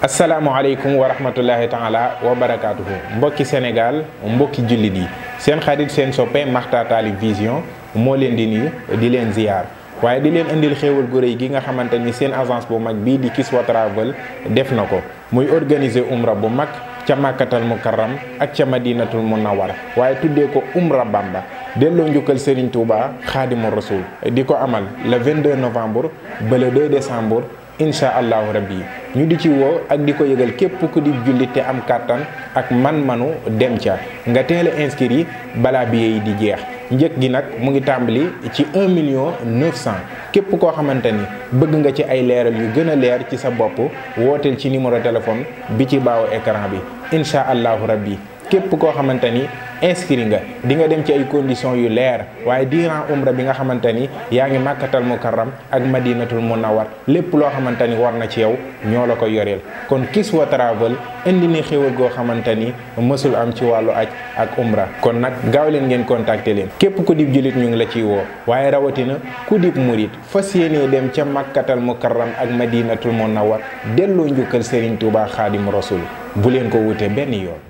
asalaamualeykum wa rahmatullahi taala wa barakaatuhu mbokki Sénégal mbokki jullit yi seen xarit seen soppe Makhtar Taalib moo leen di nuyu di leen ziyaar waaye di leen indil xéewal gu rëy gi nga xamante ni seen agence bu mag bii di Kiswa Travel def na ko muy organiser umra bu mag ca màkkatal mukarram ak ca madinatul munawwar waaye tuddee ko umra bamba delloo njukkal Serigne Touba xaadimu rasul di ko amal le 22 novembre ba le 2 décembre incha allahu rabbi ñu di ci woo ak di ko yëgal képp ku di julli te am kàttan ak man-manu dem ca nga teel a inscrire yi balaa billet di jeex njëg gi nag mu ngi tàmbali ci 1 million 900 képp koo xamante ni bëgg nga ci ay leeral yu gën a leer ci sa bopp wooteel ci numéro téléphone bi ci baawu écran bi incha allahu rabbi képp koo xamante ni inscrit nga di nga dem ci ay conditions yu leer waaye diiran umra bi nga xamante ni yaa ngi màkkatal mukarram ak madinatul munawar lépp loo xamante ni war na ci yow ñoo la ko yoreel kon Kiswa Travel indi ni xéwal goo xamante ni mësul am ci wàllu aj ak umra kon nag gaaw leen ngeen contacter leen képp ku dib jullit ñu ngi la ciy woo waaye rawatina ku dib murit fas yéenee dem ca màkkatal mukarram ak madinatul munawar delloo njukkal Serigne Touba Xaadim bu leen ko wute benn yoon